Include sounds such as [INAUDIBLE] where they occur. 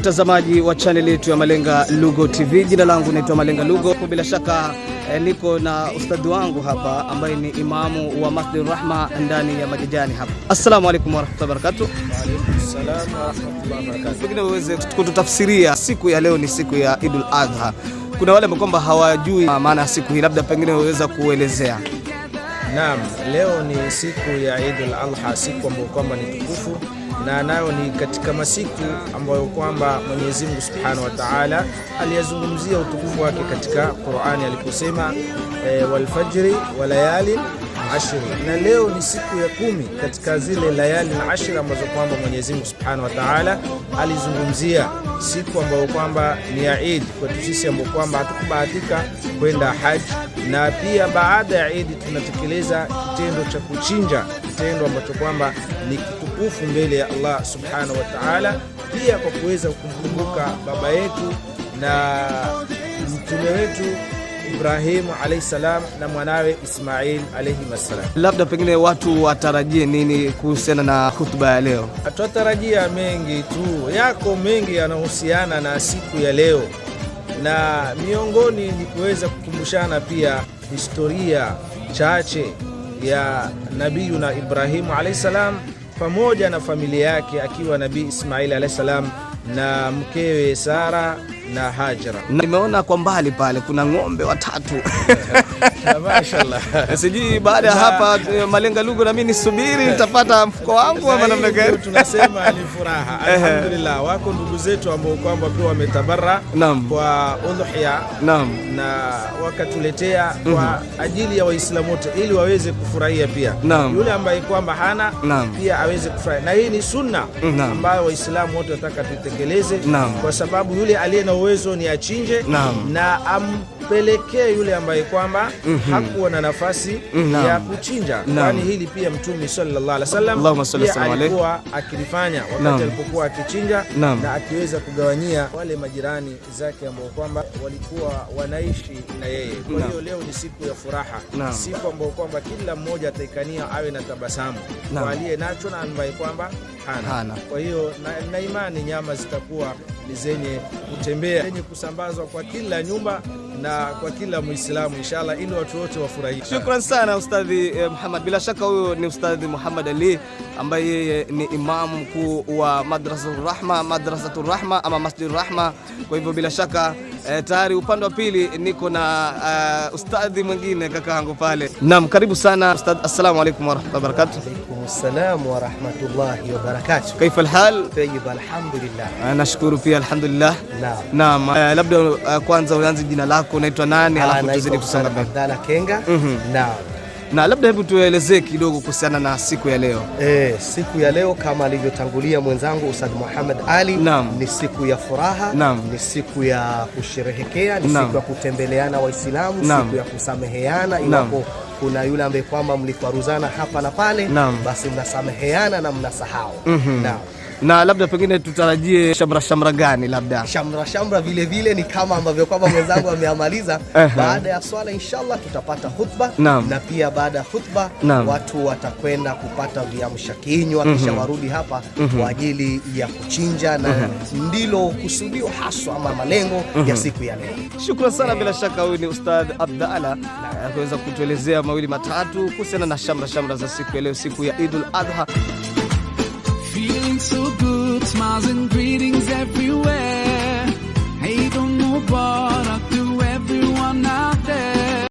mtazamaji wa chaneli yetu ya Malenga Lugo TV. Jina langu naitwa Malenga Lugo. Bila shaka eh, niko na ustadhi wangu hapa ambaye ni imamu wa Masjid Rahma ndani ya majijani hapa. Assalamu alaikum warahmatullahi wabarakatuh. Pengine uweze kututafsiria siku ya leo, ni siku ya Idul Adha. Kuna wale kwamba hawajui maana ya siku hii, labda pengine waweza kuelezea Naam, leo ni siku ya Idul Adha, siku ambayo kwamba ni tukufu na nayo ni katika masiku ambayo kwamba Mwenyezi Mungu Subhanahu wa Ta'ala aliyazungumzia utukufu wake katika Qur'ani aliposema e, walfajri wa layalin ashri, na leo ni siku ya kumi katika zile layali na ashri ambazo kwamba Mwenyezi Mungu Subhanahu wa Ta'ala alizungumzia, siku ambayo kwamba ni ya Eid kwetu sisi ambayo kwamba hatukubahatika kwenda haji na pia baada ya Idi tunatekeleza kitendo cha kuchinja, kitendo ambacho kwamba ni kitukufu mbele ya Allah subhanahu wa taala, pia kwa kuweza kumkumbuka baba yetu na mtume wetu Ibrahimu alayhi salam na mwanawe Ismail alayhi salam. Labda pengine watu watarajie nini kuhusiana na hutuba ya leo? Twatarajia mengi tu, yako mengi yanahusiana na siku ya leo na miongoni ni kuweza kukumbushana pia historia chache ya nabiyuna Ibrahimu alahi salam pamoja na familia yake akiwa nabii Ismaili alahi na mkewe Sara na hajra Nimeona kwa mbali pale kuna ng'ombe watatu [LAUGHS] [LAUGHS] Mashaallah. Sijui baada ya hapa eh, Malenga Lugo na mimi nisubiri nitapata mfuko wangu ama namna gani? Tunasema ni furaha. [LAUGHS] Alhamdulillah. Wako ndugu zetu ambao kwamba pia wametabara kwa udhuhia na wakatuletea kwa mhm. ajili ya Waislamu wote ili waweze kufurahia pia. Yule ambaye kwamba hana pia aweze kufurahia. Na hii ni sunna mhm. ambayo Waislamu wote wataka tutekeleze kwa sababu yule aliye na uwezo ni achinje na am mpelekee yule ambaye kwamba mm -hmm. hakuwa na nafasi mm -hmm. ya kuchinja no. Kwani hili pia Mtume sallallahu alaihi wasallam alikuwa akilifanya wakati mm-hmm. alipokuwa akichinja mm-hmm. na akiweza kugawanyia wale majirani zake ambao kwamba walikuwa wanaishi na yeye. Kwa hiyo mm-hmm. leo ni siku ya furaha mm-hmm. siku ambayo kwamba kila mmoja ataikania awe na tabasamu no. kwa aliye nacho na ambaye kwamba hana, hana. Kwa hiyo na, na imani nyama zitakuwa ni zenye kutembea, zenye kusambazwa kwa kila nyumba na kwa kila Muislamu inshallah, ili watu wote wafurahie. Shukran sana Ustadhi eh, Muhammad. Bila shaka huyo ni Ustadhi Muhammad Ali ambaye yeye ni imamu mkuu wa Madrasatur Rahma, Madrasatur Rahma ama Masjidur Rahma. Kwa hivyo bila shaka eh, tayari upande wa pili niko na uh, ustadhi mwingine kakaangu pale. Naam, karibu sana Ustadhi. Assalamu alaykum wa rahmatullahi wa barakatuh. Assalam wa rahmatullahi wa barakatuh. Kaifa alhal? Tayyib alhamdulillah. Ah, nashukuru pia alhamdulillah. Naam. Naam. Ah, labda ah, kwanza uanze jina lako, unaitwa nani? Halafu tuzidi kusonga mbele. Abdalla Kenga. Mhm. Naam na labda hebu tuelezee kidogo kuhusiana na siku ya leo. E, siku ya leo kama alivyotangulia mwenzangu Ustadh Muhammad Ali Naam. ni siku ya furaha Naam. ni siku ya kusherehekea ni Naam. siku ya kutembeleana Waislamu siku ya kusameheana iwapo kuna yule ambaye kwamba mlikwaruzana hapa na pale Naam. basi mnasameheana na mnasahau. mm -hmm. Naam na labda pengine tutarajie shamra shamra gani? Labda shamra shamra vile vile ni kama ambavyo kwamba mwenzangu [LAUGHS] ameamaliza. Baada ya swala inshallah tutapata hutba na, na pia baada ya hutba na, watu watakwenda kupata viamsha kinywa mm -hmm. kisha mhm. warudi hapa mm -hmm. kwa ajili ya kuchinja na mm -hmm. ndilo kusudio haswa ama malengo mm -hmm. ya mhm. siku ya leo. Shukrani sana, bila shaka huyu ni Ustadh Abdalla eh, kuweza kutuelezea mawili matatu kuhusiana na shamra shamra za siku ya leo, siku ya Idul Adha. Erstmal sind